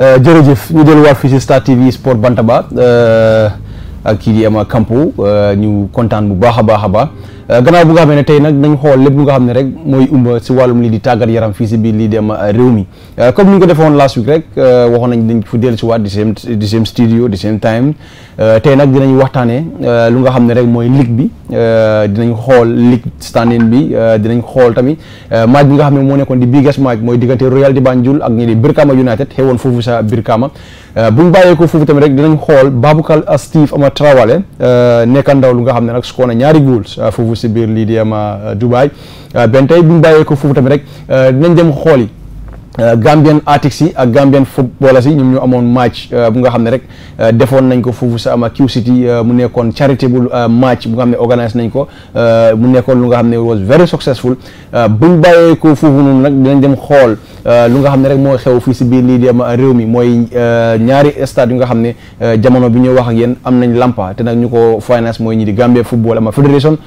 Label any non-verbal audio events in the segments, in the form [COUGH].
Euh, jërëjëf ñu delluwaat fii si Star TV Sport Bantaba euh, ak kii di Ama Kampo euh, ñu kontaan bu baax a baax a baax. Euh, gannaaw bu nga xam ne tey nag nañ xool lépp lu nga xam ne rek mooy umba si wàllum lii di tàggat yaram fii si biir lii dem euh, réew mi euh, comme ni ñu defoon last rek waxoon nañ dañ fu dellu si waat di same di same studio di same time tey nag dinañ waxtaanee lu nga xam ne rek mooy ligue bi dinañ xool ligue standing bi dinañ xool tamit match bi nga xam ne moo nekkoon di biggest match mooy diggante Royal di Banjul ak ñi di Brikama United xewoon foofu sa Brikama Euh, bu ñu bàyyeekoo foofu tamit rek dinañ xool Baboucar Steve ama Traoré euh, nekk ndaw lu nga xam ne nag score na ñaari goals euh, foofu si biir lii di ama Dubai benn tey bu ñu bàyyeekoo foofu tamit rek dinañ dem xool yi Euh, Gambian artists si ak Gambian footballers yi ñoom ñoo amoon match euh, bu nga xam ne rek euh, defoon nañ ko foofu sa ama Q City mu nekkoon charitable match bu nga xam ne organise nañ ko mu nekkoon lu nga xam ne was very successful buñ bàyyee ko foofu nag dinañ dem xool lu nga xam ne rek moo xew fii si biir lii di am réew mi mooy ñaari stade yu nga xam ne jamono bi ñuy wax ak am nañ lampa te nag ñu ko finance mooy ñi di Gambia football ama fédération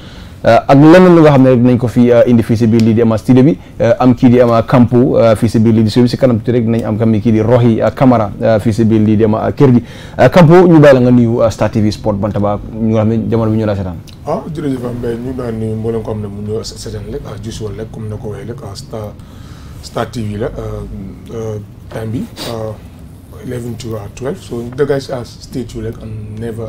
Euh, ak lenn lu nga xam ne rek dinañ ko fi euh, indi fii si biir di ama studio bi am kii di ama kampo fii si biir lii di studio bi euh, si kanam tuuti rek dinañ am kam kii di Rohi Camara fii si biir lii di ama kër gi kampo ñu bàyyi la nga nuyu Star TV Sport Bantaba ñu ñu laa seetaan ah ko xam ne mu ñëw seetaan rek ah gis wala rek comme na ko waxee rek ah Star Star so the guys are stay tuned like never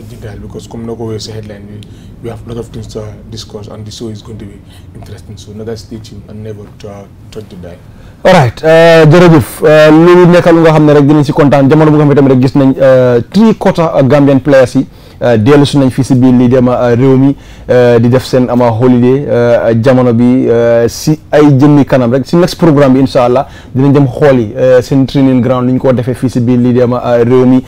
particular because come no go headline we, we have a lot of things to discuss and the show is going to be interesting so another stay tuned and never to uh, touch the dial alright uh, jërëjëf lu uh, nekka lu nga xam ne rek dinañ si kontaan jamono bu nga xam ne tamit rek gis nañ uh, three quarter Gambian players yi Euh, dellu su nañ fii si biir li dem euh, réew mi euh, di def seen ama holiday jamono bi si ay jëmmi kanam rek si next programme bi incha allah dinañ dem xooli seen training ground li ñu ko defee fii si biir li dem réew mi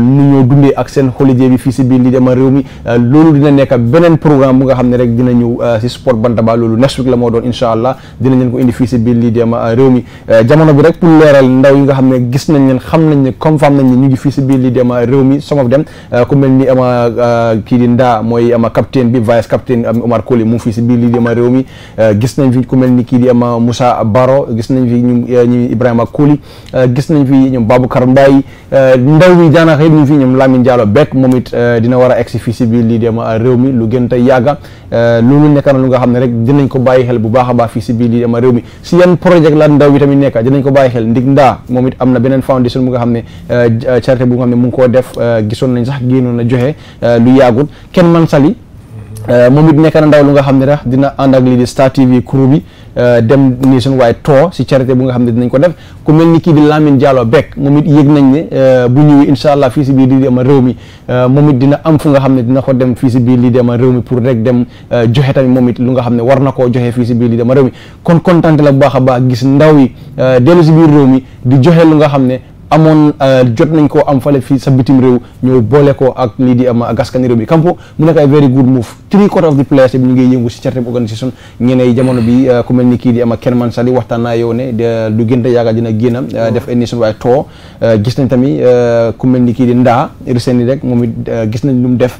nu ñoo dundee ak seen holiday bi fii si biir li dem réew mi loolu dina nekk beneen programme bu nga xam ne rek dina ñëw si sport bantaba loolu next week la moo doon incha allah dinañ leen ko indi fii si biir li dem réew mi jamono bi rek pour leeral ndaw yi nga xam ne gis nañ leen xam nañ ne confirm nañ ne ñu ngi fii si biir li dem réew mi some of them ku mel ni ama ama euh, kii ndaa mooy ama capitaine bi vice capitaine euh, Omar Colley mu ngi si biir lii di ama réew mi euh, gis nañ fi ku mel ni kii di ama Moussa Baro gis nañ fi ñu Ibrahima Colley gis nañ fi ñoom Baboucar Mbaye ndaw ñi daanaka yëpp ñu fi ñoom Lamine Diallo Beck moom it dina war a egsi fii si biir lii di ama réew mi lu gën tey yàgga loolu nekk na lu nga xam ne rek dinañ ko bàyyi xel bu baax a baax fii si biir lii di ko bàyyi xel ndig ndaa moom it am na beneen foundation bu nga xam ne charité bu nga xam ne mu ngi koo def gisoon nañ sax génnoon na joxe Euh, lu yàggut kenn man sali euh, moom it nekk na ndaw lu nga xam ne rek dina ànd ak lii di Star TV crew bi euh, dem nation waaye too si charité bu nga xam ne dinañ ko def ku mel ni kii di Lamine Diallo Bek moom it yëg nañ ne bu ñëwee incha allah fii si biir lii di ama réew mi moom it dina am fu nga xam ne dina ko dem fii si biir lii di ama réew mi pour rek dem joxe tamit moom it lu nga xam ne war na koo joxe fii si biir lii di ama réew mi kon kontaan la bu baax a baax gis ndaw yi dellu si biir réew mi di joxe lu nga xam ne amoon euh, jot nañ ko am fale fii sa bitim réew ñëw boole ko ak lii di am ak askani réew bi Kampo mu nekk ay very good move three quarter of the players bi ñu ngi yëngu si certain organisation ñeneen jamono bi euh, ku mel ni kii di am ak Kerman Sali waxtaan naa yow ne du gënta yaaga dina génna euh, oh. def ay nation waaye gis nañ tamit ku mel ni kii di Ndaa recently rek moom it gis nañ lu mu def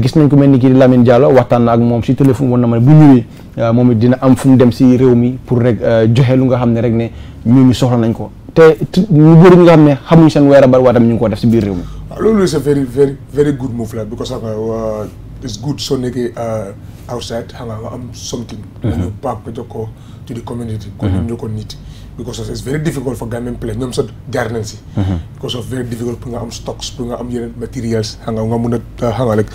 gis nañ ku mel ni kii di Lamine waxtaan na ak moom si téléphone woon na ma ne bu ñëwee moom dina am fu mu dem si réew mi pour rek joxe lu nga xam ne rek ne ñooñu soxla nañ ko te ñu bëri ñi nga xam ne xamuñ seen whereabouts waatam ñu ngi ko def si biir réew mi. waaw ah, loolu c'est very very very good move la because a uh, uh, it's good soo nekkee uh, outside xam nga am something. dañu paak ko jox ko to the community. kon mm-hmm. ñoo ko nit. because of it's very difficult for Gambian players ñoom sax jaar nañ si mhm. because of very difficult pour nga am stocks pour nga am yeneen materials xam nga nga mun a euh, xam nga rek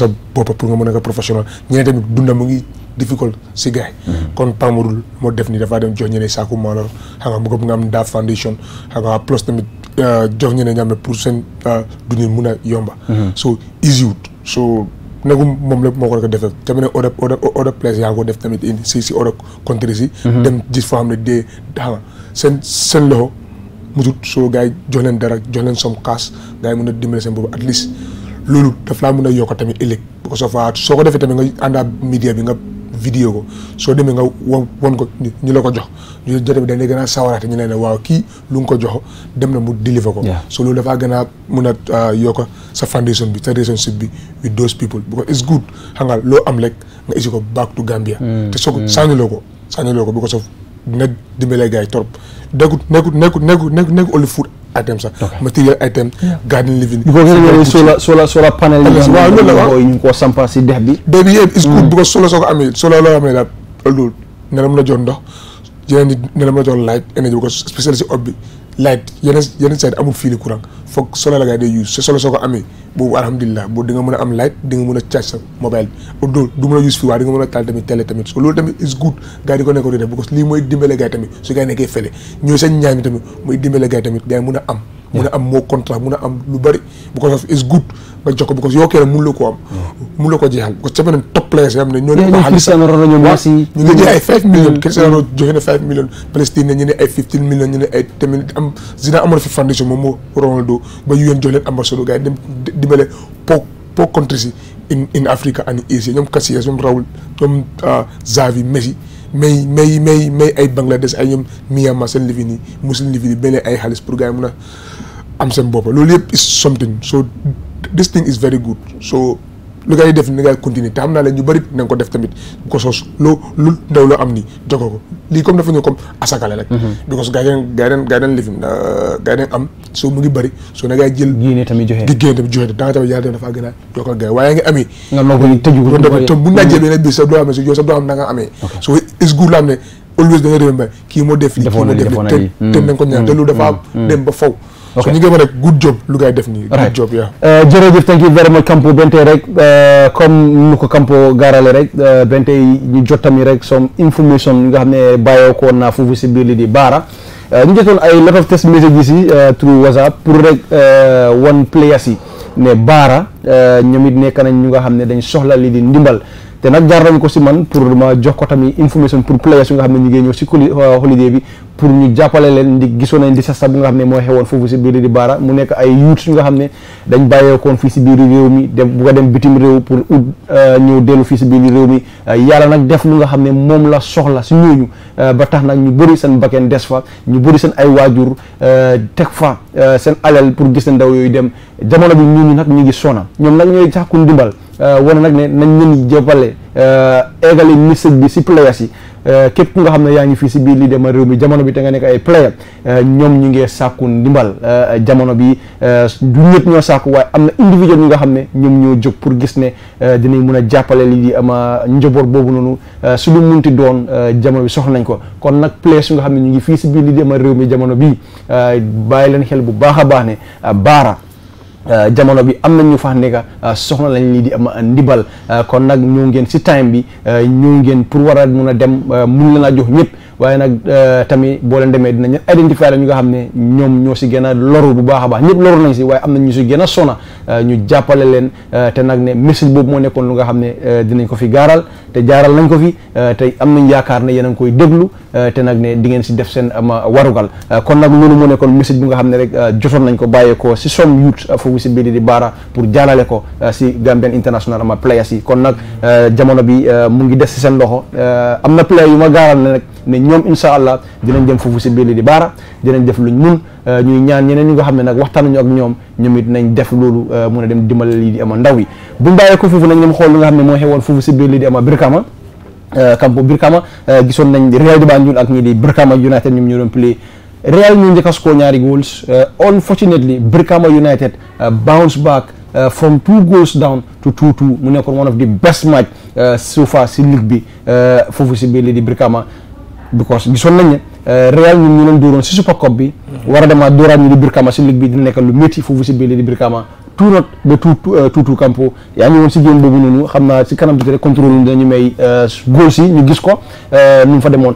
sa bopp pour nga mun a nga professionnel ñeneen tamit dunda mu ngi difficult si gaay mhm. kon Pamadou moo def ni dafaa dem jox ñeneen saaku maalo xam mu nga am daa foundation xam plus tamit euh, jox ñeneen ñaame pour seen euh, dundin mun a yomba mhm. so easy so nagu moom lépp moo ko rek defee tamit ne oda oda oda place yaa ngi ko def tamit indi si si oda si mhm. dem gis foo xam ne dee xam seen seen loxo mujut soo gars yi jox leen dara jox leen som kaas gars yi mën a dimbale seen boobu at least loolu daf laa mën a yokk tamit ëllëg bu soo fa soo ko defee tamit nga àndaa media bi nga vidéo ko soo demee nga won won ko ñu la ko jox ñu jote bi dañ lay gën a sawaraate ñu leen ne waaw kii lu nga ko jox dem na mu deliver ko so loolu dafaa gën a mun a ah, yokk sa foundation bi sa relationship bi with those people because it's good xam nga loo am rek nga isi ko back to Gambia mm, te soo ko mm. sànniloo ko sànniloo ko because of dina dimbale gars yi trop nekkut nekkut nekkut nekkut nekkut nekkut only food item sax. material item. garden living. bu ko gën a sola loolu la waaw ñu ko sampa si dex bi. day bi is good mm. bu ko sola soo ko amee sola loo amee la mën a jox ndox yeneen di ne la mën a jox laaj énergie bu ko spécialisé ob bi. light yeneen yeneen saa amul fii li courant foog solo la gars yi day use sa solo soo ko amee boobu alhamdulilah boobu di nga a am light di nga mën a charge sa mobile bi du du a use fii waaye di nga a taal tamit télé tamit so loolu tamit is good gars yi di ko nekko di def parce lii mooy dimbale gars yi tamit su gars yi nekkee fële ñooy seen ñaan tamit mooy dimbale gars yi tamit gars yi mën a am mun a am moo contrat mun a am lu bari because of his good nga jox ko because yoo kee mun la ko am hmm. mun la ko jeexal because ca beneen top players yoo xam ne ñoo ne ko Cristiano Ronaldo ñu ngi jël ay five hmm. million Cristiano Ronaldo joxe na five million Palestine ñu ne ay fifteen million ñu ne ay tamit am Zidane amoon fi fondation moom moo Ronaldo ba UN jox leen ambassade gars yi dem dimbale pook pook countries yi in in Africa and Asia ñoom Casillas ñoom Raul ñoom ah, Xavi Messi may may may may ay Bangladesh ay ñoom Myanmar seen lifi nii muslim lifi nii beneen ay xaalis pour gars yi mun a am seen bopp loolu yëpp is something so this thing is very good so lu ngay def ni ngay continuer te xam naa leen ñu bëri na nga ko def tamit bu ko soos loo lu ndaw loo am ni jokkoo ko lii comme dafa ñëw comme asakale rek mhm. because gaa yi gaa yi gaa yi lifin euh, gaa yi am soo mu ngi bëri soo na ngay jël génne tamit joxe génne tamit joxe da nga tamit yàlla dafa gën a jokkal gaa yi waaye nga amee nga noppalu tëju ko bu najjee benn bi sa doo amee yow sa doo am na nga amee soo is good la am ne always da remember kii moo def lii kii moo def lii hmm. te nañ ko ñaan te loolu hmm. dem ba faw so ñu ngi mën a good job lu ngay def nii good job yaa euh, jërëjëf thank you very much Kampo Bente rek euh, comme nu ko Kampo gaarale rek euh, Bente ñu jot tamit rek some information yi nga xam ne bàyyoo ko woon naa foofu si biir li di baara ñu jotoon ay lot of test messages yi through WhatsApp pour rek one players yi ne baara ñoom it nekk nañ ñu nga xam ne dañ soxla li di te nag jaar nañ ko si man pour ma jox ko tamit information pour players yi nga xam ne ñu ngi ñëw si euh, holiday bi pour ñu jàppale leen di gisoon nañ di sasa bu nga xam ne mooy xewoon foofu si biir di baara mu nekk ay youth yu nga xam ne dañ bàyyeekoon fii si biir réew mi dem bu dem bitim réew pour ut euh, ñëw fii si biir réew mi euh, yàlla nag def lu nga xam ne moom la soxla si ñooñu ba tax nag ñu bëri seen bakken des fa ñu bëri seen ay waajur teg fa seen alal pour gis ne ndaw yooyu dem jamono bi ñooñu nag ñu ngi sona ñoom nag ñooy sàkku ndimbal Euh, wane nag ne nañ leen di jëppale eggale euh, message bi si players yi euh, képp ku nga xam ne yaa ngi fii si biir lii dema réew mi jamono bi te nga nekk ay player ñoom ñu ngi sàkku ndimbal jamono bi du ñëpp ñoo sàkku waaye am na individuel ñi nga xam ne ñoom ñoo jóg pour gis ne dinañ mun a jàppale lii di njaboot boobu noonu su lu munti doon jamono bi soxla nañ ko kon nag players yu nga xam ne ñu ngi fii si biir lii dema réew mi jamono bi bàyyi leen xel bu baax a baax ne baara Euh, jamono bi am euh, nañ ñu fax ne soxna lañ lii di am euh, ndibal kon nag ñëw ngeen si time bi ñu ngeen pour war a mun a dem mun leen a jox ñëpp waaye nag tamit boo leen demee dinañ identifier la ñu nga xam ne ñoom ñoo si gën a loru bu baax a baax ñëpp loru nañ si waaye am nañ ñu si gën a sona Euh, ñu jàppale leen euh, te nag ne message boobu moo nekkoon lu nga xam ne euh, dinañ ko fi gaaral te jaaral nañ ko fi te am nañ yaakaar ne yéen a ngi koy déglu te nag ne di ngeen si def seen ama um, warugal kon nag loolu moo nekkoon message bu nga xam ne rek jotoon nañ ko bàyyeekoo si som foofu si biir di baara pour jaalale ko si Gambian international ama players yi kon nag jamono bi mu ngi des si seen loxo am na player yu ma gaaral na nag ne ñoom incha allah dinañ dem foofu si biir di baara dinañ def luñ mun euh, ñuy ñaan ñeneen ñi nga xam ne nag waxtaanuñu ak ñoom ñoom it nañ def loolu euh, mun a dem dimbale lii di ama ndaw yi bu bàyyee ko foofu nañ dem xool li nga xam ne mooy xewoon foofu si biir lii di ama Brikama kampo euh, Brikama gisoon nañ Real de Banjul ak ñii di Brikama United ñoom ñoo doon play Real ñu njëkk a score ñaari goals unfortunately Brikama United bounce back from two goals down to two two mu nekkoon one of the best match so far si ligue bi foofu si biir lii di Brikama because gisoon nañ ne Euh, Real ñun ñu leen dóoroon si Super Cup bi. Mhm. war a demaat dóoraat ñu di Birkama si ligue bi dina nekk lu métti foofu si biir di Birkama tout not ba euh, tout tout campo si xam naa si kanam bi rek contrôle ñu dañu may euh, goal ñu gis ko nu mu fa demoon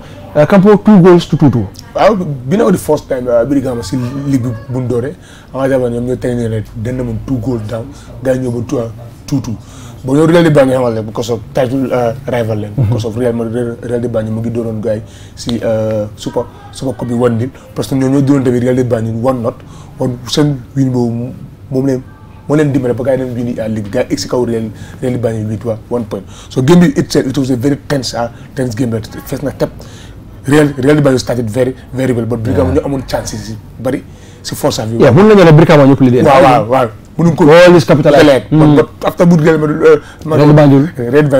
campo two goals to two two. waaw bi na ko di first time Birkama si ligue bi bu mu dooree en général ñoom ñoo teg ne leen dana mën two two two bon yow Real di Banjul xamal leen bu ko soob title euh, rival leen. bu mhm. ko soob Real ma Real mu ngi doonoon gars yi si super euh, super coupe one nil parce que ñoom ñoo doon tamit Real di Banjul one not seen win boobu moom leen moo leen dimbale ba gars yi dem win à ligue gars yi egg si kaw Real Real di Banjul huit waa one point so game bi itself it was a very tense ah tense game bi fees na tep Real Real di Banjul started very very well but Brikama ñoo amoon chance si bari si force ak yooyu. waaw mën nañu ne Brikama ñëpp li dee. waaw. mënuñ ko police capital élève kon hmm. ba afta bu real ma Banjul euh, real hmm.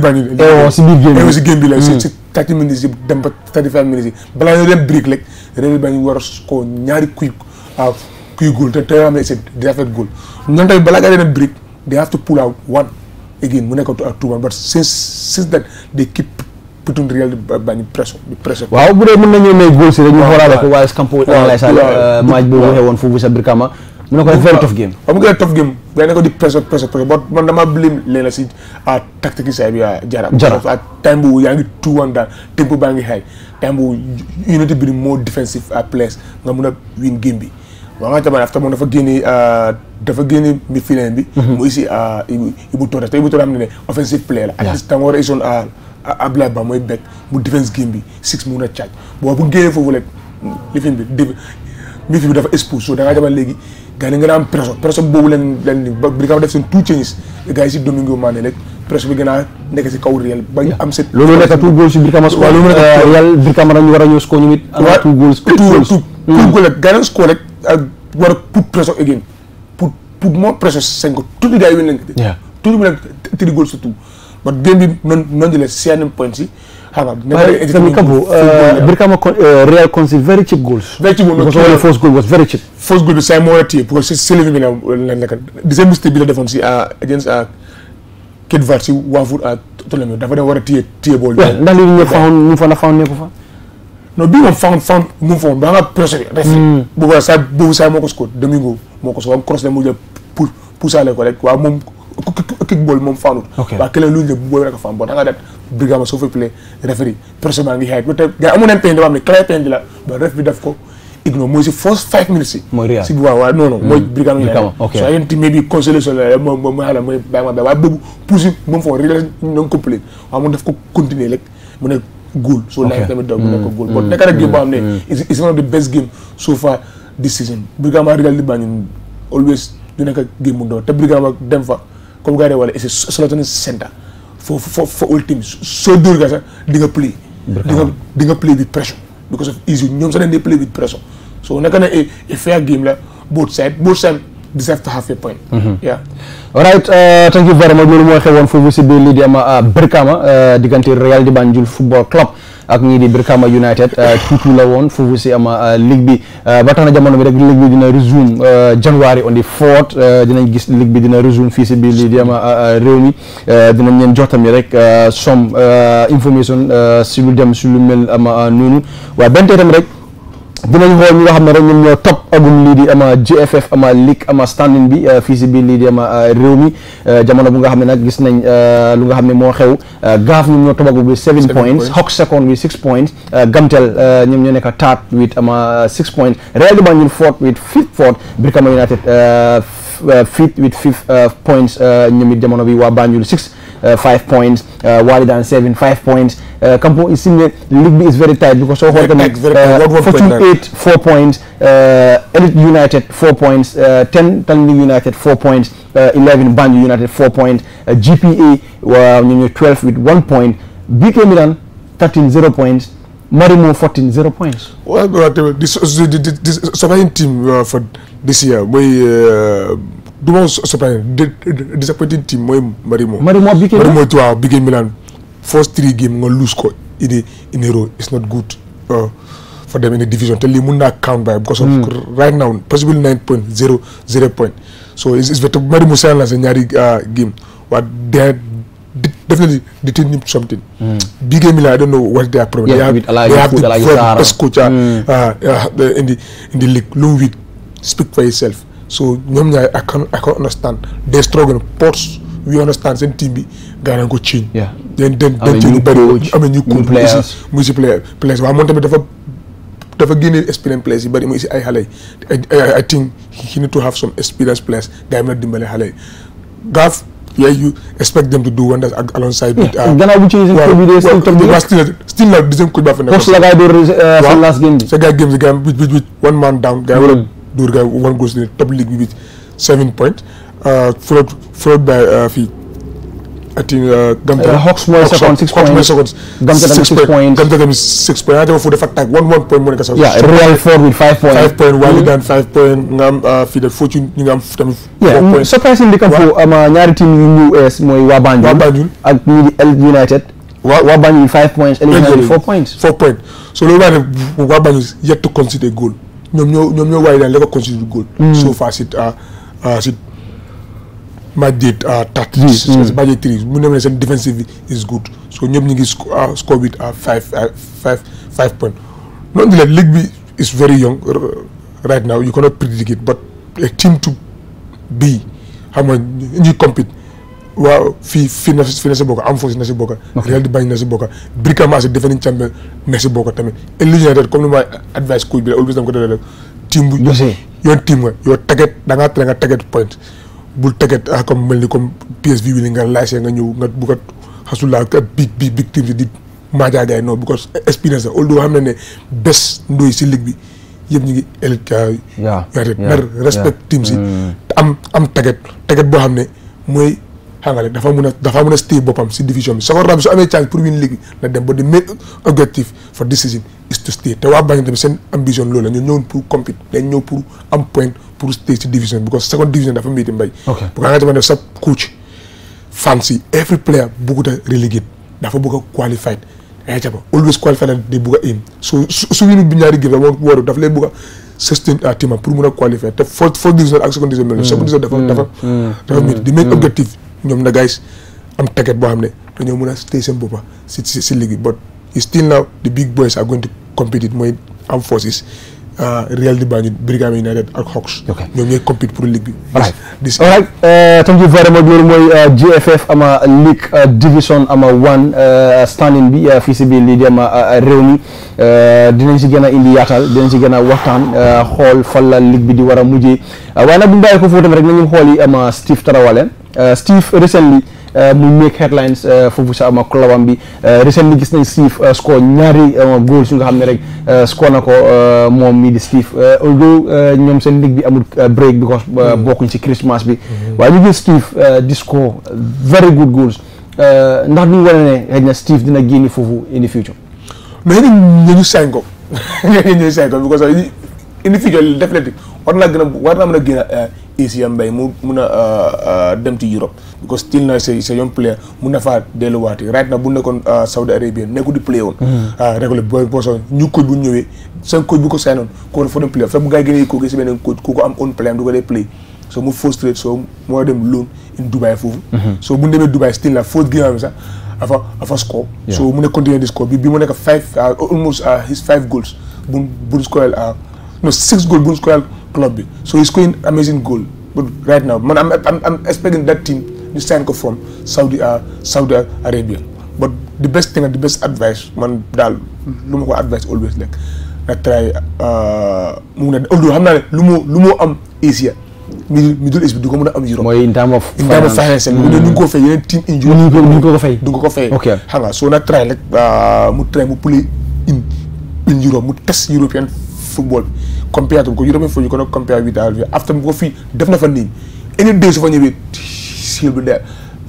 bay Banjul eh, si biir game eh, si game bi la si hmm. si tati minutes yi dem ba tati five minutes yi balaa ñoo dem brique rek real di Banjul war a ko ñaari kuy waaw kuy te te am ne c'est di rafet góol ñoom tamit balaa nga dem brique they have to pull out one again mu nekk à two one but since since that they keep putum Real di bañ di di presse. waaw bu dee mën nañu may góol si rek ñu xoolaale ko waaye Scampo lay sal match boobu waxee woon foofu sa biir mu ne ko di presse presse presse man dama blame leen si à tactique bi jara jara time boobu yaa ngi tuwan daan tempo baa ngi high time boobu unité bi moo defensive à place nga mun a win game bi waaw nga tamit after moom dafa génne euh, dafa génne midfielder bi mhm. mu isi euh, Ibu Touré te Ibu Touré xam ne offensive player la at Abdoulaye Ba mooy bekk mu defense game bi six mu mun a caaj boo bu génnee bi dafa expose so da ngaa léegi gars yi nga am pression pression boobu leen leen ni bi def seen tout changes gars si Domingo Mané rek pression bi gën a nekk si kaw réel ba ñu am seen loolu nekkatul góol si Brikama waaw loolu nekk uh, war a ñëw score ñu it am tout góol tout góol rek score rek war a put pression again pour pour moo pression seen ko tuuti gars yi win nekk tëri góol but game bi nonetheless scanning points yi xam nga. tamit Kabo euh, Brikama euh, Real concede very cheap goals. very cheap goals because all the first goal was very cheap. first goal bi saa yi moo war a téye pour que Selevi bi la nekk deuxième mistake bi la defoon si euh, against Cap Vert si Waafur à Ptolemaios dafa dem war a téye téye bool. waaw ndax li ñu faxoon ñu fa la faxoon nekk fa. non bii moom faxoon faxoon mu fa woon ba nga procédé. Hmm. boobu saa boobu saa moo ko score Domingo moo ko score am cross la mu jël pour poussaale ko rek waaw moom. kickball moom faanut waaw keneen luñu le bu booy rek a faan boo danga det brigama soo fappile referee personnel ngi xeet te gars neen penalty boo xam ne clair bi def ko ignore moom foo mu ne goal so lay ne ko goal hmm. bon nekk rek game hmm. Hmm. best game so far this season brigama régal di bàñun always du nekk game bu ndaw te brigama dem fa comme gaa yi wala ese solatone senta fo fo fo ultime so durga sax di nga play di nga di nga play with pressure because of easy ñoom sax dañ dee play with pressure so naka na a eh, eh, fair game la both side both side deserve to have a point. Mm-hmm. Yeah. Uh, si biir lii di am uh, Brikama uh, diggante Real di Banjul football club ak ñii di Brikama United tuuti la woon foofu si am ba tax na jamono bi rek ligue bi dina resume January on the fourth dinañ gis ligue bi dina resume fii si biir lii di am réew mi dinañ leen jox tamit rek some information si lu dem si lu mel am noonu waaye benn tey rek. dinañ xool ñi nga xam ne rek ñoom ñoo topp agum lii di ama GFF ama league ama standing bi euh, fii si biir lii di ama euh, réew mi euh, jamono bu nga xam ne nag gis nañ lu nga xam ne moo xew gaaf ñoom ñoo tobagu bi seven points Hawks second with six points Gamtel ñoom ñoo nekk third with ama six points Real de Banjul fourth with fifth fourth Brikama United fifth fifth points ñoom it jamono bi waa Banjul six five points Wally daan seven five points Kampo it seems league bi is very tight because soo xool tamit four points four points ten Tanling United four points eleven United four points GPA with one point BK Milan thirteen zero points. Marimo 14 zero this year du ma supérieur de de sa petite team mooy Marimo. Marimo bi Milan Marimo waaw bi Milan Milan. first three game nga lose ko in in a row it's not good euh, for them in a division te lii mun naa count by because of hmm. right now possible nine point zero zero point so it's it's better Marimo seen na sa ñaari euh, game waaw day definitely the team something. Hmm. Big Milan I don't know what their problem. they have, the best coach uh, hmm. uh, uh, in the league. Long week speak for yourself. so ñoom ñaar I can I can understand they struggle ports we understand seen team bi gaa ko ciiñ. den ci lu bëri amee ñu coach mu si player players waaw moom tamit dafa dafa génne experience players yu bëri mu si ay xale yi I I think he need to have some experience players gaa yi mën a dimbale xale yi gaaf yeah, expect them to do wonders alongside still, well, still, still like the same I do uh, well, game. Second game, the game with, with, one man down. Guy mm. Dour guy one goes in the top league with seven points, uh, followed followed by uh, I think uh, Gamta. Uh, Hawks were second, six Hawks points. Second, Gamta six, six points. Gamta them six I think for the fact that one one point Monica Sassoon. Yeah, Real four with five point, mm -hmm. Wiley than five point. Mm-hmm. Ngam uh, feed the fortune. Ngam them yeah, four points. Surprisingly, come for um, nyari team new US moy Wabanjul. Wabanjul. At United. Wabanjul five points. yet to concede goal. ñoom ñoo ñoom ñoo waaye daal la ko considéré góol. so far si si Madrid Tatris. Madrid Tatris mu demee so ñoom ñu ngi score with five five five point noonu la league bi is very young right now you cannot predict it but a team to be xam nga ñuy compete. waaw fii fii na fi na si bokk am foofu na si bokk Real di bañ na si bokk Brikama si da ngaa tere nga target ah, comme mel ni comme PSV wi li nga ñëw nga bu ko xasulaa ak big big big team ko expérience la si ligue bi yëpp ñu ngi élite yaa yaa respect team mm. am am target target boo xam ne mooy xam nga dafa mun a dafa mun a stay boppam si division bi Sokone Rambaye su amee chance pour win league na dem ba the main objective for this season is to stay te waa Banjul tamit seen ambition loolu la ñu ñëwoon pour compete dañ ñëw pour am point pour stay si division because second division dafa métti mbay. ok bu ko waxee tamit sa fans yi every player bëggut relegate dafa bëgg qualified ay ca always qualified la di bëgg a so su winu bi ñaari gëm ah, hmm. dafa hmm. Hmm. ñoom na guys am target boo xam ne dañoo mën a téye seen boppa si si si ligue but still now the big boys are going to compete it mooy armed forces uh, Real de Banjul Brigame United ak Hawks. ok ñoom ñooy compete pour ligue bi. voilà dis dis. alright thank you very much loolu mooy uh, GFF ama league uh, division ama one standing bi fii si biir di ama réew mi dinañ si gën a indi yaatal dinañ si gën a waxtaan xool fan la ligue bi di war a mujjee waaye nag bu ñu bàyyi ko foofu rek nañu xool yi ama Steve Tarawale. Euh, Steve recently euh, mu make headlines euh, foofu sa ama clubam bi recently gis nañ Steve score ñaari goals yu nga xam ne rek score na ko moom mii di Steve although ñoom seen ligue bi amul break because mm-hmm. bokkuñ ci Christmas bi mm-hmm. waaye ñu gis Steve di score very good goals ndax duñu wane ne xëy na Steve dina génni foofu in the future mais ñu ñu sign ko ñu ñu sign ko because in the future definitely war naa gën a war naa mën a gën Issa Mbaye mu mun a dem ci Europe because still na sa sa young player mun na faa delluwaati right na bu nekkoon Saudi Arabia nekku di play woon hmm. régulier bo boso ñu coach bu ñëwee seen coach bu ko saynoon ko foo dem play fekk on play am du ko dee mu frustrate so moo dem loan in Dubai foofu hmm. so bu mu score bi bi his five goals bu bu scoreel no club bi so he's scoring amazing goal but right now man I'm, I'm, I'm expecting that team to sign ko from Saudi uh, Saudi Arabia but the best thing and the best advice man daal lu ma ko advice always like na try uh, mu ne although xam lu mu lu mu am Asia middle middle east bi du ko mën a am Europe. mooy in term of finance in term of ñu ko fay yeneen team in Europe. ñu ko ko fay du ko ko fay. ok xam nga soo na try rek uh, mu try mu play in mu test European football compiatul ko juróomi fois ñu ko nag compia huit à after mu ko fii def na fa nii indi deux su fa ñëwee sil bi de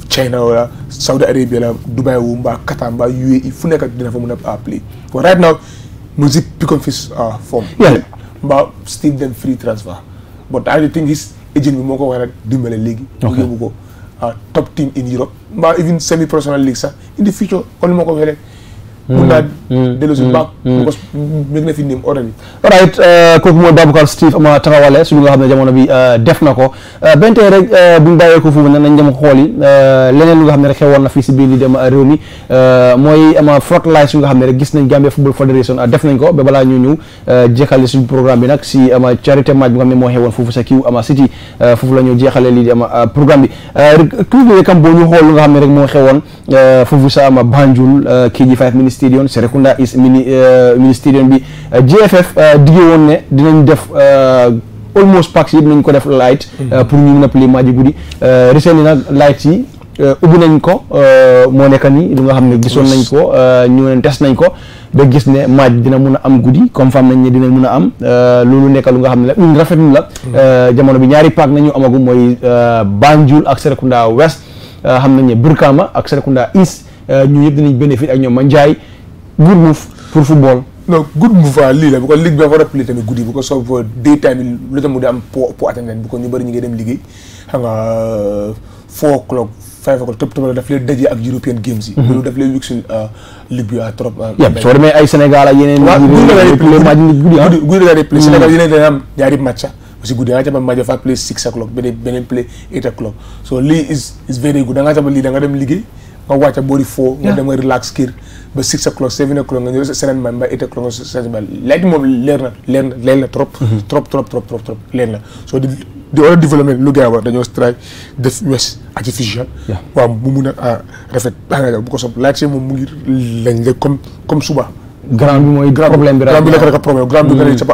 China wala Saudi Arabia la Dubai wu mbaa Qatar mbaa UAE fu nekk dina fa mën a appelé for right now music pick up his uh, form mbaa still dem free transfer but I think his agent bi moo ko war a dimbale léegi yóbbu ko uh, top team in Europe mbaa even semi professional league sax in the future kon moo ko welee mun naa hmm. hmm. dellusi bu baax because nekk na fi nim already alright uh, kooku mooy Babacar Steve ama taxawale suñu nga xam ne jamono bi uh, def na ko uh, benn rek bu ñu bàyyee ko foofu nag nañ dem xool yi leneen lu nga xam ne rek na si biir li dem réew mi mooy ama frotlay su nga xam ne rek gis nañ Gambia Football Federation ko ba balaa ñu ñëw jeexale suñu programme bi nag si ama charité match bi nga xam ne sa kiw la ñu jeexale lii di ama programme bi rek tuuti rek am boo ñu xool lu nga stadium Serekunda is mini euh, mini stadium bi euh, GFF euh, dige woon ne dinañ def almost packs yëpp nañ ko def light mhm. pour ñu mën a play match guddi recently nag light yi ubbi nañ ko moo nekk nii lu nga xam ne gisoon nañ ko ñu ne test nañ ko ba gis ne match dina mun a am guddi comme fam nañ ne dina mun a am loolu nekk lu nga xam ne la rafet rafetlu la mhm. jamono bi ñaari paak nañu amagu mooy Banjul ak Serekunda West xam nañ ne Brikama ak Serekunda East Euh, ñu yëpp dinañ bénéfice ak ñoom ma njaay good move pour football. non good move lii la bu ko ligue bi dafa rappelé tamit guddi bu ko soob daytime bi mu am po po atteindre bu ko ñu bëri ñu ngi dem liggéey xam nga euh, four o'clock five o'clock tëb tëb daf lay ak European games yi. Mhm. loolu daf lay euh, soo demee ay Sénégal ak yeneen. waaw guddi la guddi guddi la ah. replay mhm. Sénégal yeneen dañu am ñaari match parce que guddi da nga xam ne fa play six o'clock beneen beneen play good da nga xam ne lii danga dem liggéey. nga wàcca boori foo nga dema relax kiir ba six a développé lu a ah, rafet bu ah, ko sob laajte moom mu ngi lañ la comme comme suba grand mm-hmm.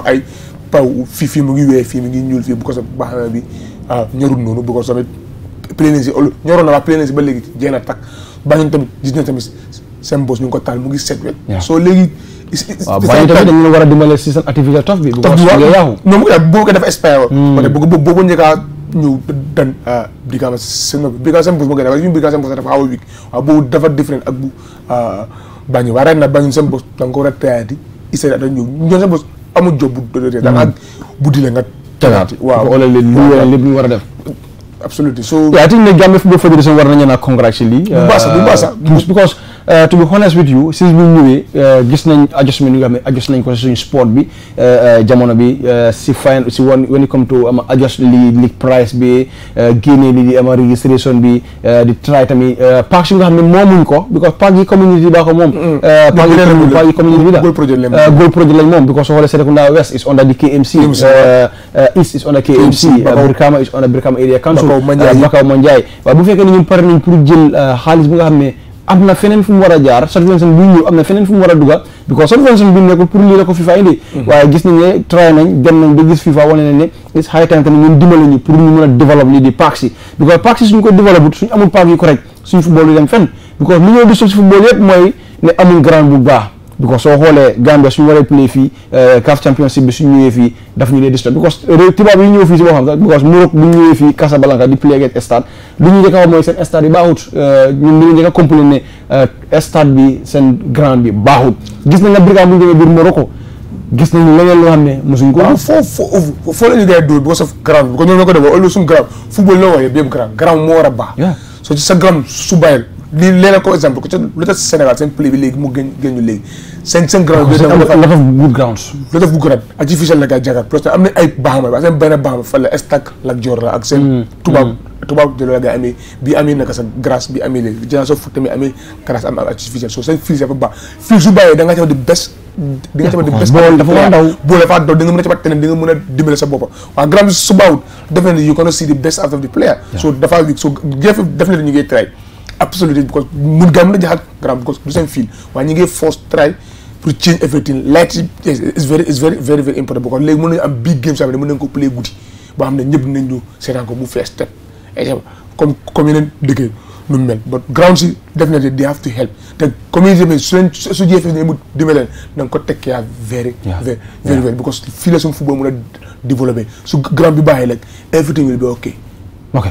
fii fii mu ngi wee ngi ñuul fii bu ko sob baax na bi ah, ñorul ba léegi jeex na takk Bañoon tamit gis na tamit seen boss ñu ngi ko taal mu ngi set wet. soo léegi. waaw Bañoon tamit dañu war a dimbale si seen activité taf bi. taf bi waaw non boo ko dafa expert wala boo ko boo ko njëkk a ñëw dan brigade seen brigade seen boss moo gën a ñu brigade seen boss dafa xaw a week waaw boobu dafa différent ak bu Bañoon waaye ren nag Bañoon seen boss da nga ko war a teyaati ISRA dafa ñëw ñoom seen boss amul job bu dodote. da ngaa buddi la nga teyaati waaw wala lépp lu war a def absolutely so yeah, i think the gambia football federation war nañu na congratulate uh, Bubasa, Bubasa. because Euh, to be honest with you si bu ñëwee euh, gis nañ adjustment yi nga xam ne adjust nañ ko sport bi euh, jamono bi si fine si wan when it come to ama um, adjust li li price bi génne li ama um, registration bi di try tamit park yi nga xam ne moomuñ ko because park yi community baa ko moom mm. mm. park yi community bi la goal projet lañ moom because soo xoolee Serekunda West is under the KMC East is under KMC Brikama is under Brikama Manjaay waaye bu fekkee nañ am na feneen fu mu war a jaar subvention bi ñëw am na feneen fu mu war a dugal because subvention bi nekkul pour lii la ko FIFA indi mm-hmm. waaye gis nañ ne try nañ dem nañ ba gis FIFA wane nañ ne it's high time tamit ñun dimbale ñu pour ñu mën a développe lii di parcs because parcs suñ ko développe suñ amul parc yu correct suñ football yi dem fenn because li ñoo di so football yëpp mooy ne amul ground bu baax ko soo xoolee Gambia suñu waree play fii eh, CAF championship bi suñu ñëwee fii daf ñu dee disturb fii si ñu ñëwee fii Casablanca di play against stade lu ñu njëkk a mooy seen stade yi baaxut eh, ñun a complain ne eh, stade bi seen ground bi baaxut gis nañ na Brikama bu ñu demee biir Morocco gis nañu leneen loo xam ne mosuñ ko. waaw foo foo la ñu gars yi dóor because of ko ko defoo au lieu suñu ground war a baax. so ci sa ground su bàyyil lii léeg-léeg comme exemple que lu tax Sénégal seen play bi léegi mu gën gën ñu léegi. seen seen ground. bi dafa dafa good ground. dafa good ground artificiel la kay jàkkaar parce que am na ay Bahama ba seen benn Bahama fan la Stack lak Dior la ak seen. Mm. tubaab mm. tubaab de la gaa amee bi amee naka sa grâce bi amee léegi dinaa soo fu tamit amee grâce am ak artificiel soo seen fil dafa baax fil su bàyyee da nga tax di bes. di nga xamante ni bés. bool dafa war a daw bool dafa daw di nga mën a capat teneen di nga mën a dimbale sa boppam waaw grand bi su baawut definitely you cannot see the best out of the player. so dafa weak so def def na ñu ngi try absolutely because mun gam na jahat gram because du seen fiil waaye ñu ngi force try pour change everything light is very is very very very important because léegi mën nañu am big game saa bi mën nañu ko play guddi boo xam ne ñëpp nañ ñu seetaan ko mu fees tep exemple comme comme yeneen dëkk yi nu mel but ground si definitely they have to help te comme bi su su jeexee ne mu ko teg yaa very very very because fii la suñu football mën a développé su ground bi baaxee rek everything will be okay ok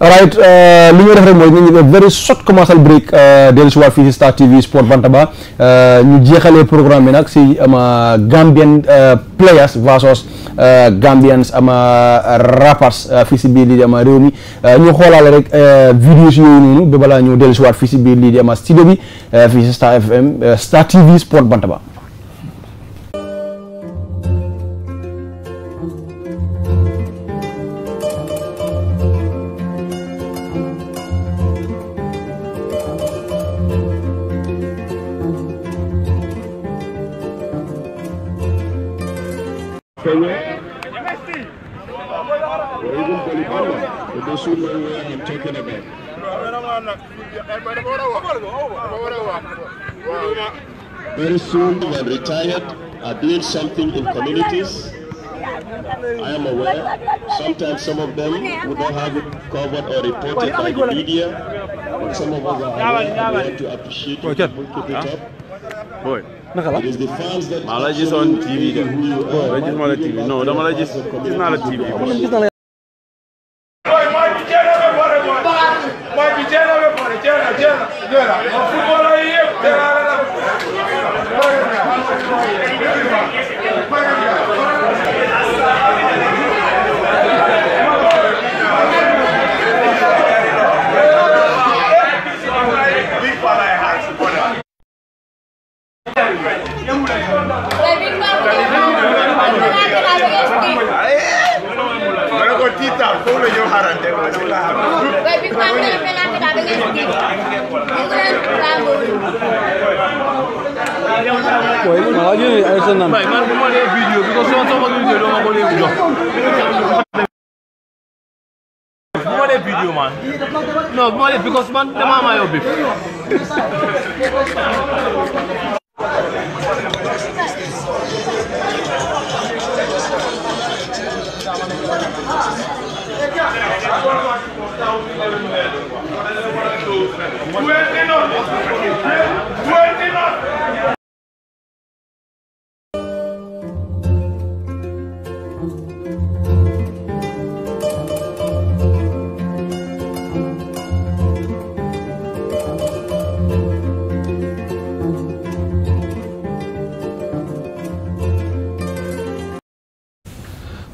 right euh, li ñuy def rek mooy ñu ngi def very short commercial break euh, dellu si waat fii si Star TV Sport Bantaba euh, ñu jeexalee programme bi nag si ama Gambian players versus Gambians ama rappers fii si biir lii di ama réew mi ñu xoolaale rek vidéos yooyu noonu ba balaa ñëw dellu si waat fii si biir lii di ama studio bi fii si Star FM Star TV Sport Bantaba. old and retired are doing something in communities. I am aware. Sometimes some of them would not have it covered or reported by the media. But some of us are aware and we have to appreciate it, keep it up. Boy. It is the fans that... maa la gisoon TV de. maa la gisoon TV non dama la gis gis naa la TV.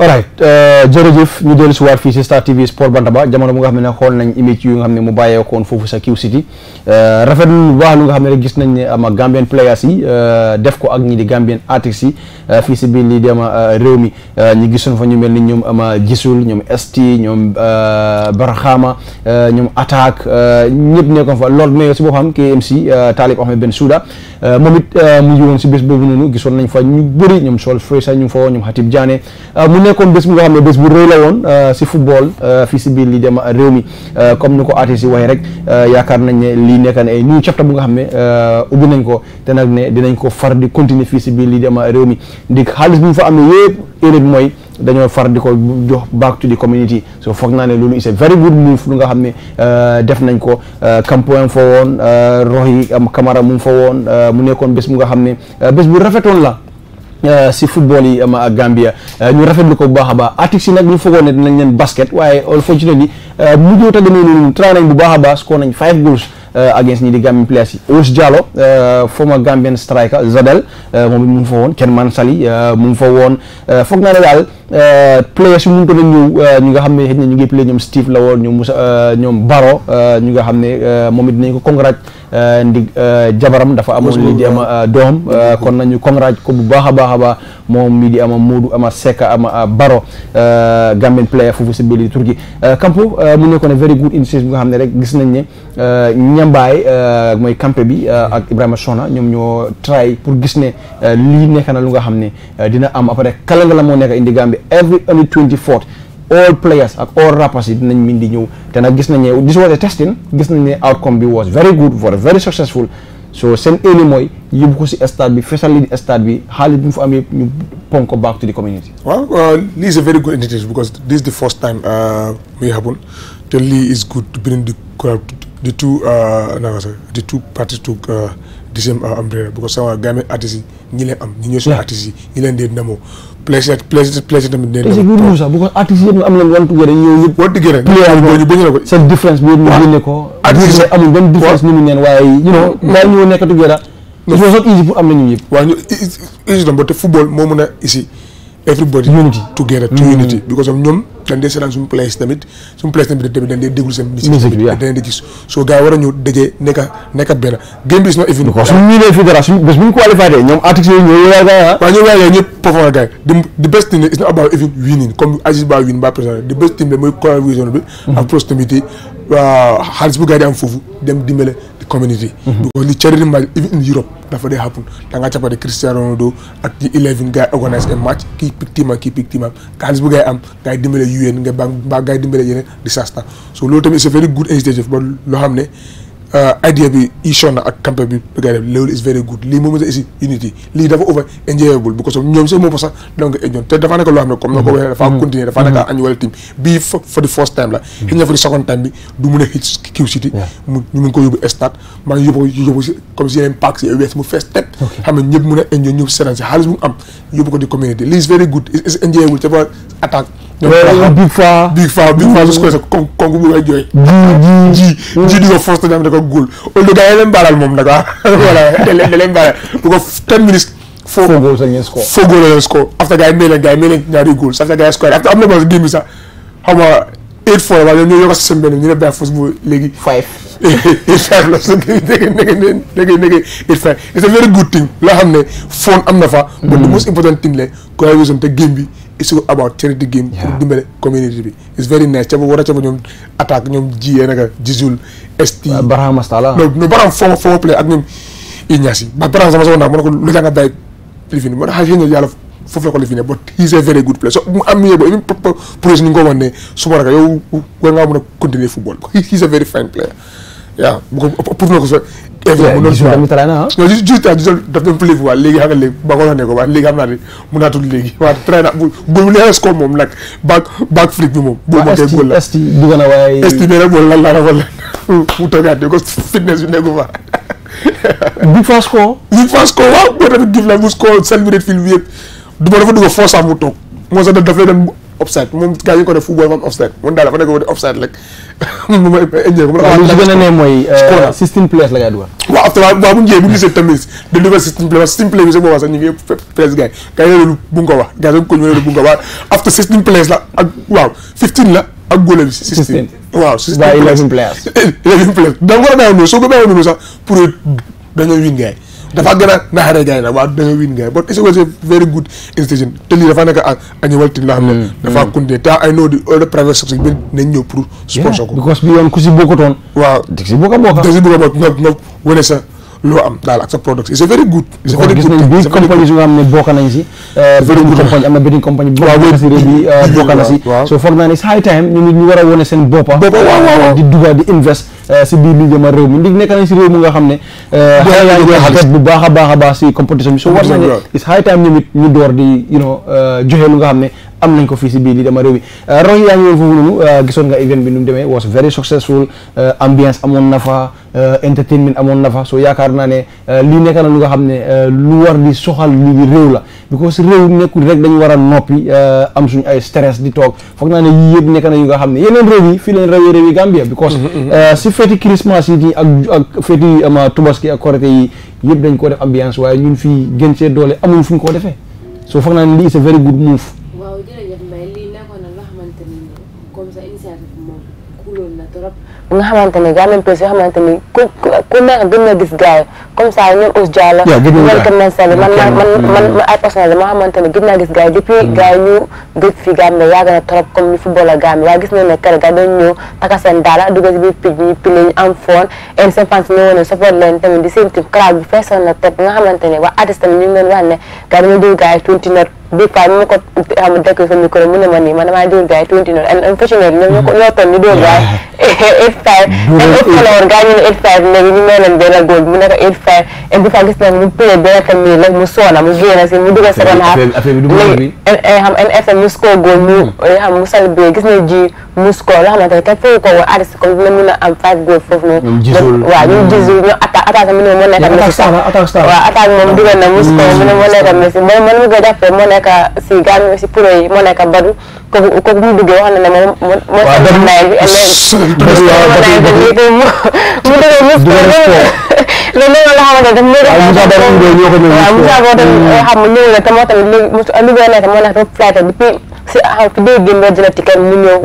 All right. Euh, jërëjëf ñu dellu si waat fii si Star TV Sport Bantaba jamono bu nga xam ne xool nañ image yu nga xam ne mu bàyyeekoon foofu sa Q City euh, rafetlu bu baax nga xam ne rek gis nañ ne ama Gambian players yi euh, def ko ak ñi di Gambian artistes yi fii si biir lii di ama réew mi ñu gis gisoon fa ñu mel ni ñoom ama gisul ñoom ST ñoom Barxama ñoom Attack ñëpp nekkoon fa Lord Mayor si boppam KMC Talib Ahmed Ben Souda moom it mu ngi si bés boobu noonu gisoon nañ fa ñu bëri ñoom Sol Fraser ñu fa woon ñoom nga xam ne bés bu rëy la woon euh, si football euh, fii si biir euh, réew mi comme ni ko artistes yi waxee rek yaakaar nañ ne lii nekk na ay new chapter bu nga xam ne ubbi nañ ko te nag ne dinañ ko far di continuer fii si biir li dem réew mi di fa amee yëpp mooy dañoo far di ko jox back to the community so foog naa ne loolu is a very good move lu nga xam ne def nañ ko campagne fa woon roxi am camara mu fa woon mu nekkoon bés bu nga xam ne bés bu rafetoon la Euh, si football yi ama ak Gambia euh, ñu rafetlu ko bu baax a baax artiste si nag ñu foogoon ne dinañ leen basket waaye unfortunately euh, mujjoo ta demee noonu tra nañ bu baax a baax score nañ five goals against ñi di Gambian players yi Ous Diallo former Gambian striker Zadel moom it mu ngi fa woon Ken Mansali mu ngi fa woon foog naa ne daal players yi mu ngi ko doon ñëw ñi nga xam ne xëy na ñu ngi play ñoom Steve Lawal ñoom Moussa ñoom Baro ñi nga xam ne moom it dinañ ko congrat Euh, ndig euh, jabaram dafa am li di ama euh, doom kon nañu congrats ko bu baax a baax a baax moom mi di ama Modou ama Seka ama Baro Gambian player foofu si biir Turquie Kampo mu nekkoon very good initiative bi nga xam ne rek gis nañ ne ñambaay mooy campé bi ak Ibrahima Sona ñoom ñoo try pour gis ne lii nekk na lu nga xam ne dina am après kala nga la moo nekk indi Gambie every only 24 all players ak all rappers yi dinañ min di ñëw te nag gis nañ ne this was a testing gis nañ ne outcome bi was very good for very successful so seen éli mooy yóbbu ko si stade bi fesal li stade bi xaalis bi mu fa am yëpp ñu ponk ko back to the community. waaw is a very good initiative because this is the first time uh, muy happen te li is good to bring the crowd the two uh, naka the two parties to. Uh, deuxième umbrella bu ko sawa Gambien artistes yi ñi leen am ñi ñoo suñu artistes yi ñi leen dee namoo plaisir plaisir am leen ñu ko seen ñu génne ko amul benn différence ñu mu neen waaye easy pour am nañu yëpp ñu easy ñoom dañ dee seetaan suñu place tamit suñu place tamit tamit dañ seen musique bi dañ dee gis soo gars war a ñu dajee nekka nekkat benn game bi is not even suñu ñu nee fii dara suñu bés the best thing is not about even winning comme Aziz Ba win ba président the best thing bi mooy collaboration bi mhm. ak proximité waaw xaalis bu gars di am foofu dem dimbale the community. Mhm. Because the charity match, even in Europe, that's what happen. Tangachapa the Cristiano Ronaldo at the 11 guy organized a match, kii pick team kii pick team up xaalis bu ngay am ngay dimbale UN nga ba ngay dimbale yeneen disaster so loolu tamit c'est very good initiative ba loo xam ne. Euh, idea bi Ishon ak campagne bi bi ngay def is very good lii moom is unity lii dafa over enjoyable because of ñoom sax moom sax donc enjoy te dafa nekk ko mhm. waxee dafa mhm. continuer dafa team mhm. bii for the first time la xëy na for the second time bi du mun a hit kiw city mu ñu mun ko yóbbu stade maa yóbbu si mu fees tep xam ne ñëpp mun a enjoy ñëpp seetaan si xaalis mu am yóbbu ko di communauté lii is very good is enjoyable te fa attaque big faa big faa big faa su ko ko kongu bu ngay jooy ji ji ji di ko force dam da ko góol olu gars leen baalal moom nag voilà da leen da leen baalal bu ko ten minutes four goals against score score after gars yi may leen gars yi ñaari goals after gars yi score after am na bal game bi sax xam nga eight four waaye ñoom ñoo yokk si seen benn ñu ne bàyyi eight five la so it's a very good thing loo xam ne phone am na fa but the most important thing la ko ay te game bi it's all about charity game pour dimbale community bi it's very nice ca ba war a ca ba ñoom attaque ñoom jiyee naka jisul st Barham Mastala no no Barham former player ak ñoom Ignacy ba Barham sama sama naa ma ne ko lu jànga bàyyi lifini ma xay xëy yàlla foofu la ko lifini but he is a very good player so mu am yee bo even projet ni nga ne suma raka yow war ngaa mën a continuer football he is a very fine player waaw bu ko pour na ko sa. émission bi tamit tànn ah. non juste juste ah daf doon plé waaw léegi xam nga léegi ba ko waxee ne ko waaw léegi xam naa ne mënaatul léegi [LAUGHS] waaw traité bu bu neexee score moom nag baag baag flic bi moom. waaw est ce que est ce na waaye. est ce na moom la [LAUGHS] mu toogaat ne ko fitness bi nekkul fa. [LAUGHS] Big Fast Score. Big Fast Score waaw boo tamit gis naa mu score celebrate film bi yëpp du ma dafa dugg foo sax mu toog moo sax daf lay dem. offside moom gars yi ko def football moom offside moom daal dafa nekk woon ko. waaw li ci gën a euh, la ngay waaw after waaw bu ñu jiyee bu ñu gisee tamit de dugal sixteen players sixteen players bi sax boobaa sax ñu ngi yëpp players gars yi gars yi loolu bu nga ko wax gars yi loolu bu nga after sixteen players la waaw fifteen la ak góolam bi. sixteen waaw sixteen players waaw eleven players. [LAUGHS] eleven players donc war a bàyyi noonu soo ko bàyyi noonu sax dafa gën a naxaree gars nag waaw da nga win but it's always a very good institution te lii dafa nekk ak ak ñëwaltin loo xam ne mm, mm. dafa continuer te ay noo di all private sector bi nañ ñëw pour sponsor ko because bi yoon ku si bokkutoon waaw di si da si bokk a bokk sa loo am daal ak sa product is a very good. is a very compagnie su nga xam ne bokk nañ si. beneen uh, compagnie am na si uh, so foog naa ne high time ñu ñu war a wone seen boppa uh, di dugal di a xam ne. xale yaa bu baax a baax a baax si compétition bi. so war na ne is high time ñu ñu door di you lu nga xam ne. am nañ ko fii si biir di dama réew yi euh, rox yaa ngi woon foofu noonu euh, gisoon nga event bi nu mu demee was very successful euh, ambiance amoon na fa entertainment amoon na fa so yaakaar naa ne li nekk na lu nga xam ne lu war di soxal lii réew la because réew nekkul rek dañu war a noppi am suñ ay stress di toog foog naa ne yii yëpp nekk na yu nga xam ne yeneen réew yi fii leen réew yi réew yi Gambia because mm-hmm, mm-hmm. si feeti Christmas yi nii ak ak feeti um, Tubaski ak dañ ko def waaye ñun fii gën see doole amuñ fu ñu ko defee nga xamante ni gaa même place yoo xamante ni ku ku nekk comme ça ñoom Ousse Diallo ñoom Kër Mansali man man man ay personnel moo xamante ne gis naa gis gars yi depuis hmm. gars yi ñu gëj fi Gambie yàgg na trop comme ñu football a Gambie waaye gis nañ ne kër gars dañ ñëw taka seen daala dugg si biir pij ñu pile ñu am foon et seen fans ñëwoon ne support leen tamit di seen tim crowd bi feesoon na trop nga xamante ne waa artiste tamit ñu ngi leen wax ne gars dañu dégg gars yi tuuti na bi pa mu ko xam dëkk sa micro mu ne ma nii man damaa dóor gars yi tuuti na and unfortunately ñoom ñoo ko ñoo toll ñu [LAUGHS] dóor gars yi eight five and eight followers gars ñu ne eight five léegi ñu may leen benn góor mu nekk eight frère et bu fa gis nañ mu play benn tamit mu soona mu génn si mu dugal second half léegi xam NFM mu score goal mu xam gis nañ ji mu score loo xamante ne kenn foofu ko woon artiste comme dina mun a am five goal foofu noonu waaw ñu gisul ñu mu ne moo nekk Messi waaw mm. mu score mu ne moo nekk Messi man mu ko jàppee moo nekk si Gambie si pro yi moo nekk Badou kooku kooku bu ñu duggee wax na ne moom. waaw dem naa yëg mu mu déggee mu. loolu la nga xamante ne moom. waaw Moussa na te moo tamit léegi si ah fi day génn dina ticket mu ñëw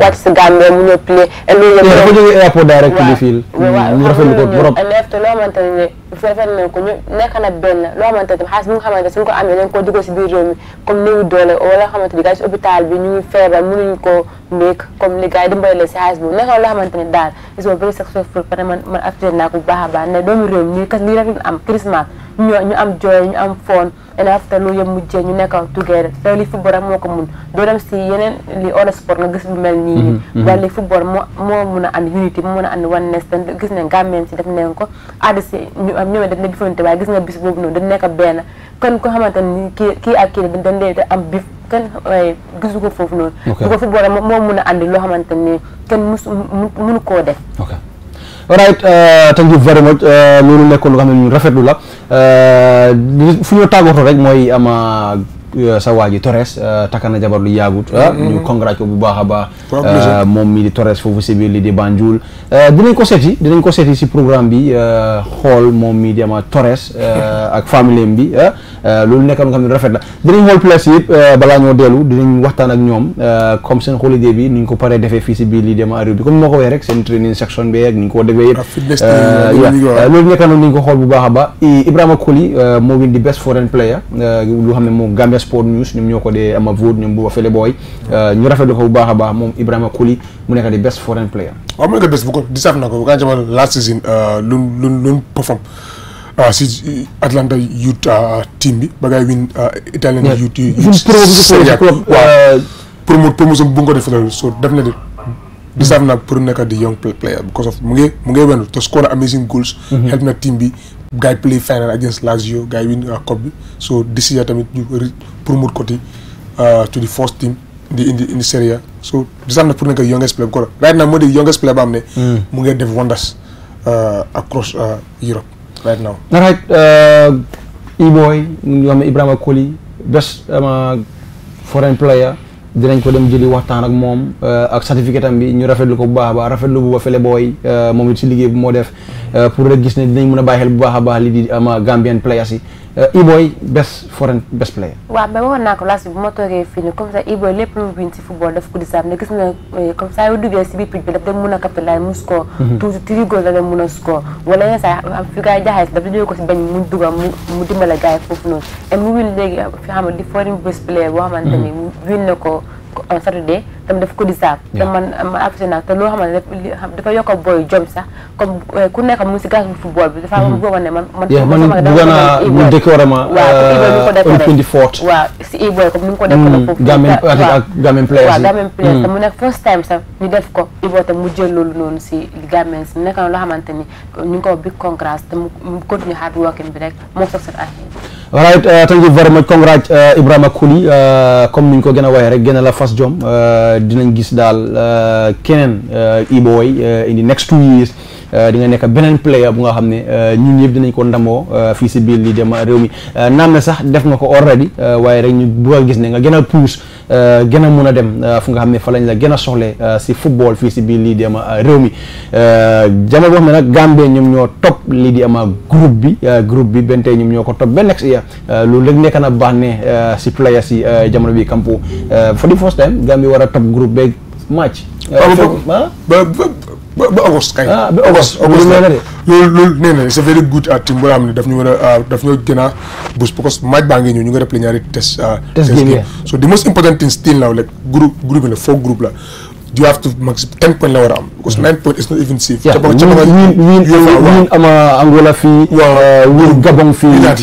play. loolu la ñu dafa jógee direct di mm, nekk na benn loo xamante ne xaalis bi nga xamante ne ko amee dañ ko dugal si biir réew comme néew doole wala xamante ni gars si ko méeg nekk na loo xamante ne daal gis nga bëri sax suuf man man affaire naa ko a baax ne doomu réew mi ñuy kas am Christmas ñu am jooy ñu am foon and after loolu yëpp mujjee ñu nekk together te li football rek moo ko mun doo dem si yeneen lii all sport nga gis lu mel nii mhm, mhm. waaye li football moo moo mun a ànd unité moo mun a ànd oneness te gis nañ ko aada si ñu am ñoomee daf ne bifante gis nga bis boobu noonu dañ nekk benn kon ko xamante ni kii kii ak kii dañ dee am bif gisu ko foofu noonu bu ko football rek moo mun a àndi loo xamante ni kenn musu mënu koo def tam right uh, thank you very much uh, loolu nekkoon lu xam ne ñu rafetlu la Euh, fu ñu tàggatoo rek mooy ama Euh, sa waa ji Torres euh, takk na jabar lu yaagut mm-hmm. ah, ñu congrats ko bu baax a baax euh, moom mi di Torres foofu si biir li di Banjul dinañ ko seeti dinañ ko seeti si programme bi xool moom mi di ama Torres ak famille bi ah. loolu nekk nga xam ne rafet la dinañ xool place yëpp balaa ñoo ñu ko paree defee fii si na ko xool bu baax a baax Ibrahima Koli moo win di best foreign player lu xam ne moo Gambia sport news ñoom ñoo ko dee ama vote ñoom buba fele booy euh, ñu rafetlu ko bu baax a baax moom Ibrahima Koli mu nekk di best foreign player waaw mu nekk best bu ko di saf na ko bu kaa jamono last season lu euh, lu lu perform ah, si bu nga ko defee so def na de deserve na pour nekk di young player because of mu ngi mu ngi wenu to score amazing goals mhm. help na team bi guy play final against Lazio guy win uh, cup bi so this year tamit promote ko ti uh, to the first team in the in the, A so this am na pour nekk youngest player bu ko right now moo di youngest player ba am ne hmm. mu ngeen def wonders uh, across euh, Europe right now right i booy ñu xam ne Ibrahima Koli best um, uh, foreign player dinañ ko dem jëli waxtaan ak moom euh, ak certificat am bi ñu rafetlu ko bu baax a baax lu bu ba fele booy euh, moom it si liggéey bi moo def euh, pour rek gis ne dinañ mun a bàyyi xel bu baax a baax lii di ama Gambian players yi Euh, Iboy best foreign best player. waaw mais waxoon naa ko la bi bu ma toogee fii nii comme ça Iboy lépp lu mu bind ci football daf ko di saam ne na euh, comme duggee si bi daf doon mun a capitaliser mu score. Mhm. toujours tiri goal la doon mun a score. wala yenn saa am fi gars yi daf doon ko si bañ mu dugal mu mu dimbale gars yi foofu noonu et mu win léegi fi xam di foreign best player boo xamante ni mhm. win na ko on Saturday. tam daf ko di saab te man ma affiché naa te loo xamante ne dafa yokk a booy jom sax comme eh, ku nekk mu si gàllankoor football bi dafa mm-hmm. am mu décoré ma waaw ko euh, defee waaw si Iboy mu ko defee mm, foofu Gambian ak Gambian players waaw Gambian mm. mu nekk first time sax ñu def ko Iboy tam mu jël loolu noonu si Gambian si mu nekk na loo xamante ni ñu ko big congrats te mu continue hard working bi rek moo soog seen affaire All right, uh, thank you very much. Congrats, uh, uh, ko gën a waxee rek gën la fas jom uh, dinañ gis daal euh, keneen euh, Ibooy euh, in the next two years di nga nekk beneen player bu nga xam ne euh, ñun ñëpp dinañ ko ndamoo euh, fii si biir lii dem réew mi euh, naam ne sax def nga ko already waaye rek ñu bëgg gis ne nga gën a pousse gën a mun a dem fu nga xam ne fa lañ la gën a soxlee si football fii si biir lii dem réew mi jamono boo xam ne nag Gambie ñoom ñoo topp lii di ama groupe bi groupe bi benn tey ñoom ñoo ko topp ba next year loolu léegi nekk na baax ne si player si jamono bi kampo for the first time Gambie war a topp groupe beeg match ba ba August kay. ah ba August August loolu loolu nee na c'est very good team boo xam ne daf ñu war a ah, daf ñoo gën a boost parce que baa ngi ñëw ñu ngi def test. Ah, test game so the most important thing still now la war a am. because mm-hmm. nine point is not even safe. ca ba ca ba ñun ñun ñun ama Angola fii. waaw ñun uh,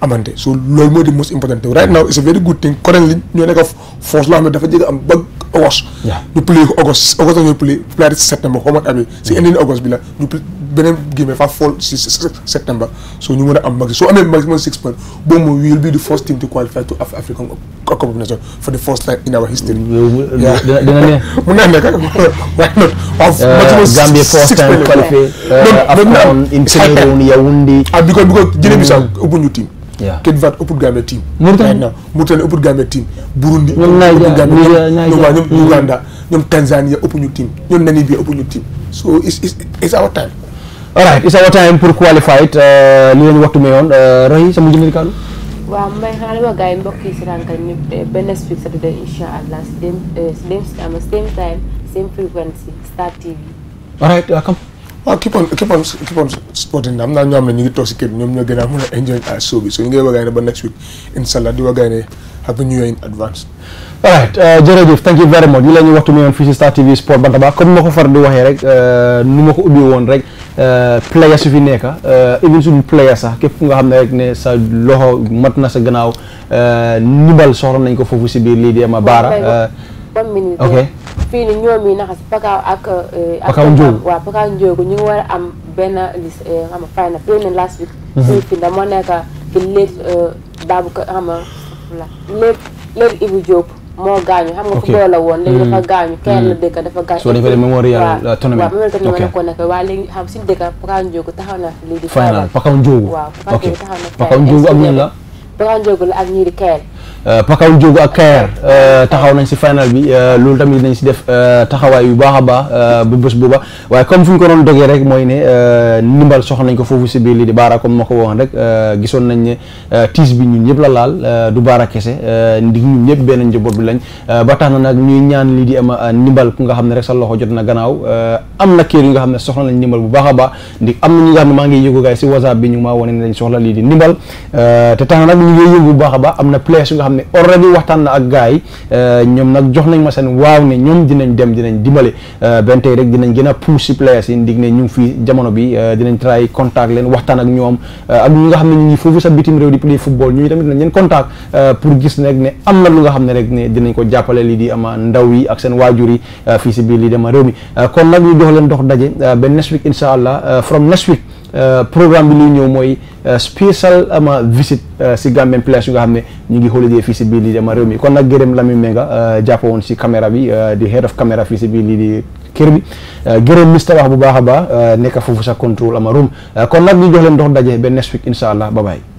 amante so loolu mooy di most important thing right now it's a very good thing current ñoo nekk force loo xam ne dafa jege am ba August ñu play August August bi si indi August la ñu beneen game so ñu mën a am maxi soo amee maximum six points boobu mooy we will be the first team to qualify to African Cup of Nations for the first time in our history dina ne [LAUGHS] mun naa nekk why not waaw uh, Gambia first time qualify [LAUGHS] uh, African um, in Cameroon [LAUGHS] Yaoundé ah because because Guinée-Bissau mm. Yeah. Cape Verde uput Gambia team. Mauritania right Mauritania uput Gambia team. Burundi uput Gambia team. ñoom waa ñoom Uganda ñoom Tanzania uppuñu team ñoom Namibia uppuñu team so it's it's it's our time. all right it's our time pour qualify it uh, li leen waxtu mi yoon uh, Rayi sa mujj na waaw mbay xanaa dama gars yi mbokk yi si rànkal ñëpp benn speak Saturday incha allah si dem eh, si dem si am same time same frequency Star TV. all right welcome. Uh, waaw keep on keep on keep on supporting naa ñoo xam ne ñu ngi toog si kër ñoom ñoo gën a mën a enjoy à show bi so ñu ngi wagaay ne ba next week incha allah di wagaay ne happy new year in advance. alright jërëjëf thank you very much ñu leen waxtu mi fii si Star TV Sport Bantaba comme ma ko far di waxee rek uh, nu ma ko ubbi woon rek uh, players su fi nekk uh, even suñu players sax képp nga xam ne rek ne sa loxo mat na sa gannaaw nibal soxla nañ ko foofu si biir lii di Ama Barrow one minute. Euh, a am benn liste euh, xam na premier last week. ko mhm. euh, xam nga léegi léegi Ibou la woon léegi dafa mhm. gaañu kenn la mhm. dëkk dafa gaañu soo dañ ko def tournament ko nekk waaye léegi xam suñu dëkk Pakaaw Ndiob taxaw na lii di final Pakaaw ak ñan keel Euh, Pakaw Diogo ak Kayer euh, taxaw nañ si final bi euh, loolu tamit nañ si def taxawaay yu baax a baax bu bés booba waaye comme fu ñu ko doon dogee rek mooy ne ndimbal soxla nañ ko foofu si biir lii di baara comme ma ko waxoon rek gisoon nañ ne tiis bi ñun ñëpp la laal du baara kese ndi ñun ñëpp benn njaboot bi lañ ba tax na nag ñuy ñaan lii di am ndimbal ku nga xam ne rek sa loxo jot na gannaaw am na kër yu nga xam ne soxla nañ ndimbal bu baax a baax ndi am na ñu nga xam ne maa ngi yëgu gaay si whatsapp bi ñu maa wane ne dañ soxla lii di ndimbal te tax na nag ñu ngi yëgu bu baax am na place xam ne already waxtaan na ak gars yi euh, ñoom nag jox nañ ma seen waaw ne ñoom dinañ dem dinañ dimbale euh, benn tey rek dinañ gën a pousse si players yi ndig ne ñu ngi fii jamono bi euh, dinañ try contact leen waxtaan ak ñoom ak ñi nga xam ne ñu ngi foofu sa bitim réew di play football ñooñu tamit dinañ leen contact pour gis nag ne am na lu nga xam ne rek dinañ ko jàppale lii di ama ndaw yi ak seen waajur yi fii si biir lii dama réew mi kon nag ñu jox leen dox daje ba next week incha allah from next week Euh, programme bi ñuy ñëw mooy euh, spécial ama visit euh, si Gambian place yu nga xam ne ñu ngi holiday fii si biir lii di ama réew mi kon nag gërëm Lamin Menga jàpp woon si caméra bi di head of caméra fii si biir lii di kër bi gërëm mister wax bu baax a baax nekk foofu sa contrôle ama room kon nag ñu jox leen dox daje benn next week incha allah bye bye